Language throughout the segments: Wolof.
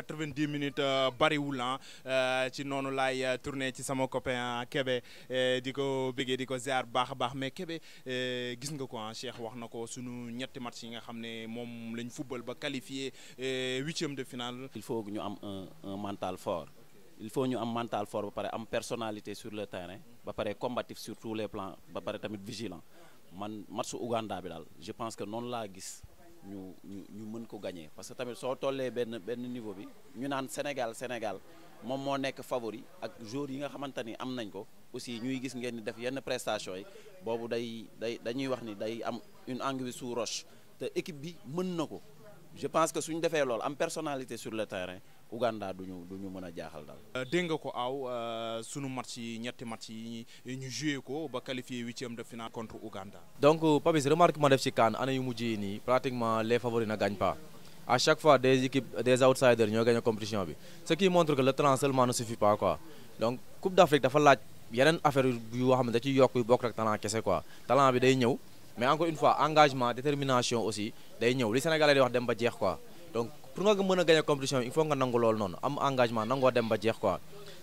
90 minutes euh, bariwul ah ci noonu laay euh, tourné ci sama copain Kébé di ko bëggee di ko ziar baax a baax mais Kébé gis nga ko ah Cheikh wax na ko suñu ñetti match yi nga xam ne moom lañ football ba qualifié huitième de finale. il faut que ñu am un mental fort. il faut ñu am mental fort ba pare am personnalité sur le terrain ba pare combatif sur tous les plans ba pare tamit vigilant man match su bi daal je pense que noonu laa gis ñu ko gagné parce que tamit soo tollee benn benn niveau bi ñu naan Sénégal Sénégal moom moo nekk favori ak joueurs yi nga xamante ni am nañ ko aussi ñuy gis ngeen ni def yenn prestation yi boobu day day dañuy wax ni day am une anguille sous roche te équipe bi mën na ko je pense que suñu defee loolu am personnalité sur le terrain Ouganda duñu duñu mën a jaaxal daal. Euh, dégg nga ko aaw euh, sunu match yi ñetti match yi ñu joué ko ba qualifié huitième de finale contre Ouganda. donc Papis remarque ma def ci CAN année yu mujj yi les favoris ne gagnent à chaque fois des équipes des outsiders ñoo gagné compétition bi ce qui montre que le talent seulement ne pas quoi donc Coupe d'Afrique dafa laaj yeneen affaire yoo xam ne da ciy yokk yu bokk rek talent kese quoi talent bi day ñëw mais engagement détermination aussi day ñëw li Sénégalais di wax dem ba jeex quoi donc pour nga mën a gagné compétition bi il faut nga nangu loolu noonu am engagement nangoo dem ba jeex quoi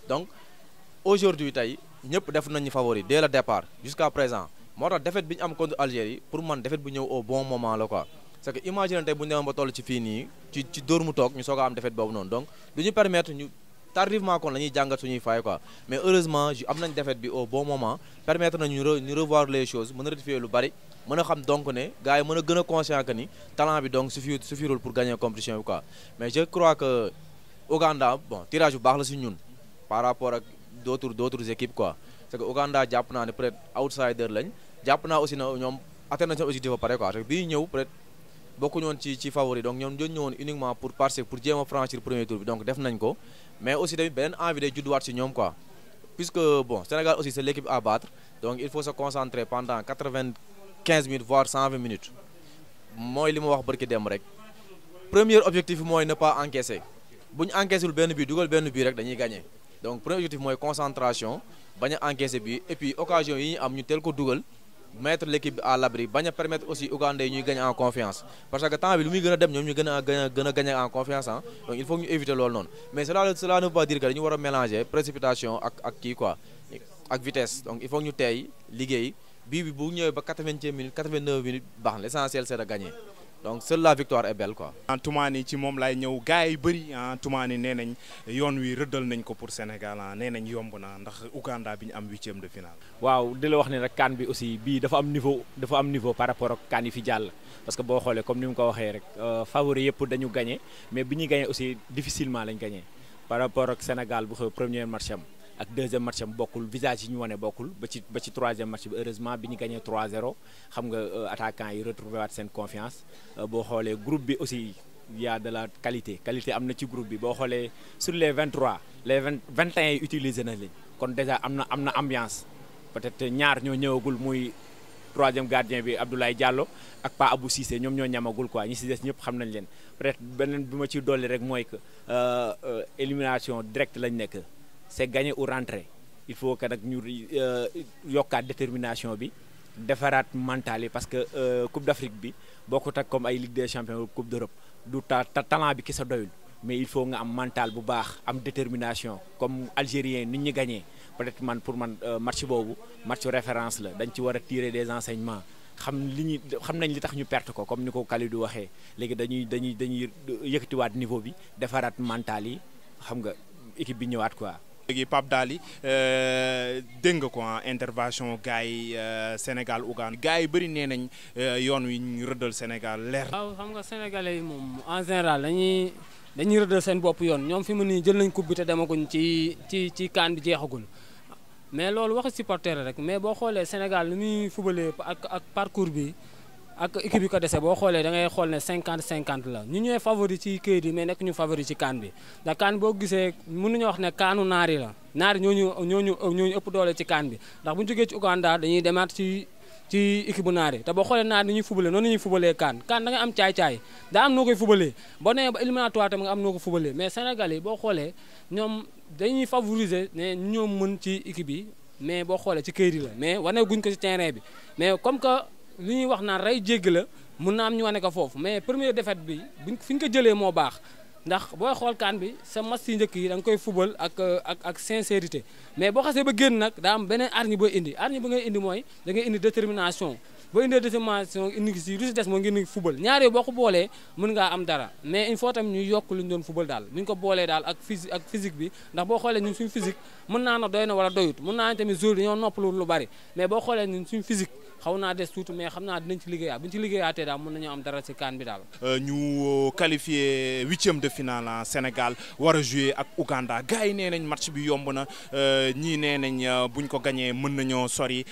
donc aujourd'hui tey ñëpp def nañu favori dès le départ jusqu'à présent moo tax défaite bi am contre pour man défaite bu ñëw au bon moment la quoi c'est que imagine tey bu ñu demoon ba toll ci fii nii ci ci dóor mu toog ñu soog a am défaite boobu noonu donc du ñu permettre ñu tardivement kon la ñuy jàngat suñuy faay quoi mais heureusement am nañ défaite bi au bon moment permettre nañu ñu revoir les choses mën a rectifier lu bari mën a xam donc ne gars yi mën a gën a conscient que ni talent bi donc suffit suffirul pour gagner compétition bi quoi mais je crois que Ouganda bon tirage bu baax la si ñun par rapport ak d'autres d'autres équipes quoi c'est jàpp naa ne peut-être outsider lañ na ñoom atteindre nañ seen objectif ba pare bokku ñoon ci ci favori donc ñoom ñoo ñëwoon uniquement pour passer pour jéem a franchir premier tour bi donc def nañ ko mais aussi tamit beneen envie day judduwaat si ñoom quoi puisque bon Sénégal aussi c'est l'équipe à battre donc il faut se concentrer pendant quatre-vingt-quinze minutes voire cent vingt mooy li ma wax barki dem rek premier objectif mooy ne pas encaisser bu ñu encaissé benn bii dugal benn bii rek dañuy gañe donc premier objectif mooy concentration bañ a bi et puis yi ñu am ñu teel ko dugal. mettre l'équipe à l'abri bañ a permettre aussi Ougandais yi ñuy gagner en confiance parce que temps bi lu muy gën dem ñoom ñu gën a gën en confiance ah il faut ñu éviter loolu noonu mais cela cela ne veut pas dire que dañu war mélanger précipitation ak ak kii ak vitesse il faut ñu teey liggéey bii bu ñëwee ba 80e minute 89 minutes baax na l'essentiel c'est de gagner donc seule la victoire est belle quoi. Toumani ci moom laay ñëw gars yi bëri ah Toumani nee nañ yoon wi rëddal nañ ko pour Sénégal ah nee nañ yomb na ndax Ouganda bi ñu am huitième de finale. waaw di la wax ne rek kaan bi aussi bii dafa am niveau dafa am niveau par rapport ak kan yi fi jàll parce que boo xoolee comme ni mu ko waxee rek euh, favori yëpp dañu gagné mais bi ñuy gagné aussi difficilement lañ gañee par rapport ak Sénégal bu xew premier match am. ak deuxième match am bokkul visage yi ñu wane bokkul ba ci ba ci troisième match bi heureusement bi ñu gagné 3-0 xam nga euh, attaquant yi retrouvé waat seen confiance euh, boo xoolee groupe bi aussi y a la qualité qualité am na ci groupe bi boo xoolee sur les 23 les vingt 21 yi utilisé na leen kon déjà am na am na ambiance peut-être ñaar ñoo ñëwagul muy troisième gardien bi Abdoulaye Diallo ak Pa Abou Cissé ñoom ñoo ñamagul quoi ñu si des ñëpp xam nañ leen peut-être beneen bi ma ciy dolli rek mooy que euh, élimination directe lañ nekk. c'est gagner ou rentrer il faut que nag ñu euh, yokkaat détermination bi defaraat mental yi parce que euh, Coupe d'Afrique bi boo ko ak comme ay Ligue de champions Coupe d'Europe du ta talent bi ki sa doyul mais il faut nga am mental bu baax am détermination comme algérien ni ñi gagné man pour man euh, match boobu match référence la dañ ci war a tirer des enseignements xam li ñuy xam nañ li tax ñu perte ko comme ni ko kale du waxee léegi dañuy dañuy dañuy yëkkatiwaat niveau bi defaraat mental yi xam nga équipe bi ñëwaat quoi. léegi Pape Daly euh, dégg nga ko ah, intervention gars yi euh, Sénégal Ouganda gars yi bëri nee nañ euh, yoon wi ñu rëddal Sénégal leer. waaw xam nga sénégalais yi moom en général dañuy dañuy rëddal seen bopp yoon ñoom fi mu ni jël nañ coupe bi te demaguñ ci ci ci kaan bi jeexagul mais loolu waxi supporter rek mais boo xoolee Sénégal lu muy fubalee ak parcours bi. ak équipe yi dese boo xoolee da ngay xool ne 50 50 la ñu ñooy favori ci këyit yi mais nekk ñu favori ci kaan bi ndax kaan boo gisee mënuñu wax ne kaanu naari la naari ñooñu ñooñu ñooñu ëpp doole ci kaan bi ndax bu ñu jógee ci Uganda dañuy demaat ci ci naari te boo xoolee naari ni ñuy fubalee noonu ñuy fubalee kaan kaan da ngay am caay-caay daa am noo fubalee boo nee ba éliminatoire tam nga am noo fubalee mais Sénégal boo xoolee ñoom dañuy favoriser ne ñoom mën ci équipe yi mais boo xoolee ci këyit yi la mais wane guñ ko ci terrain bi li ñuy wax naa rey jéggi la mun na ñu wane ko foofu mais premier défaite bi buñ fi ñu ko jëlee moo baax ndax booy xool kaan bi sa match yi njëkk yi da nga koy fubal ak ak ak mais boo xasee ba génn nag daa am beneen arñi boo indi arñi ba ngay indi mooy da ngay indi détermination boo indee deuxième mention indi si moo ngi indi football ñaar yooyu boo ko boolee mën ngaa am dara mais il faut tam ñu yokk lu ñu doon football daal bu ñu ko boolee daal ak physique ak physique bi ndax boo xoolee ñun suñu physique mën naa na doy na wala doyut mën naa ne tamit jour lu bari mais boo xoolee ñun suñu physique xaw naa des tuuti mais xam naa dinañ ci liggéeyaa bu ñu ci liggéeyaatee daal mën nañoo am dara si kaan bi daal euh, ñu qualifié huitième de finale Sénégal war a jouer ak Ouganda gars yi nee nañ match bi yomb na euh, ñii nee nañ euh, buñ ko gañee mën nañoo sori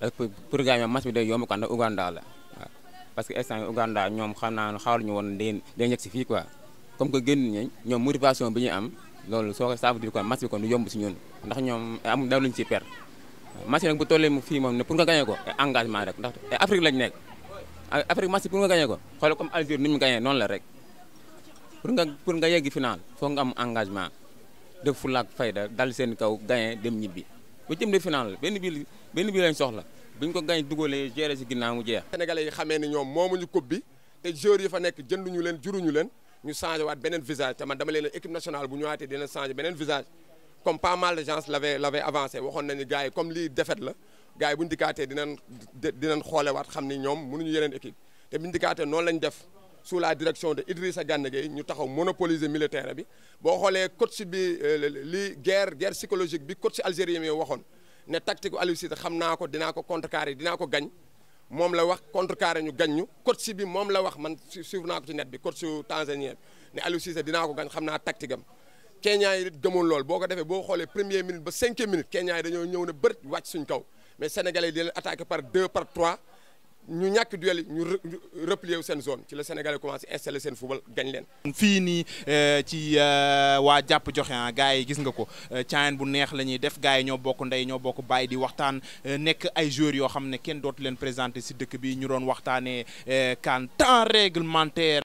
parce que programme match bi day yomb quoi ndax parce que instant Ouganda ñoom xam naa ne xawal ñu woon nekk si fii quoi comme que génn ñañ ñoom motivation bi ñu am loolu soo ko ça veut dire quoi match bi kon du yomb si ñun ndax ñoom amul daaw lañu si perte match bu tollee mu fii moom ne pour nga gagné ko engagement rek ndax Afrique lañ nekk Afrique match pour nga gagné ko xoolal comme Algérie ni mu gagné noonu la rek pour nga pour nga yegg final foog nga am engagement def fulla ak fayda dal seen kaw gagné dem ñibbi. ba jëm de final benn bii benn bii lañ soxla biñ ko gañ dugalee géré si ginnaaw mu jeex. Sénégalais yi xamee ni ñoom moomuñu coupe bi te joueurs yi fa nekk jënduñu leen juruñu leen ñu changé waat beneen visage te man dama leen équipe nationale bu waatee dina changé beneen visage comme pas mal de gens l'avaient l'avaient avancé waxoon nañu gars yi comme lii défaite la gars yi buñ dina dinañ dinañ xoolewaat xam ni ñoom mënuñu yeneen équipe te buñ dikkaatee noonu lañ def sous la direction de Idrissa Gana Gueye ñu taxaw monopoliser militaire bi boo xoolee si bi euh, li guerre guerre psychologique bi coach algérien yi waxoon ne tactique Aliou Cissé xam naa ko dina ko contrecarrer dinaa ko gañ moom la wax contrecarrer ñu gañ ñu si bi moom la wax man suivre naa ko ci net bi coach tanzanien bi ne Aliou Cissé dinaa ko gañ xam naa tactique am Kenya yi gëmoon lool boo ko defee boo xoolee première minute ba cinquième minute Kenya yi dañoo ñëw ne bërët wàcc suñ kaw mais Sénégalais par deux ñu ñàkk duel yi ñu replier wu seen zone ci la Sénégal yi commencé seen football gañ leen. fii nii euh, ci euh, waa jàpp joxe ah gars yi gis nga ko euh, caayan bu neex la ñuy def gars yi ñoo bokk ndey ñoo bokk bàyyi di waxtaan nekk ay joueurs yoo xam ne kenn dootu leen présenté si dëkk bi ñu doon waxtaanee CAN temps réglementaire.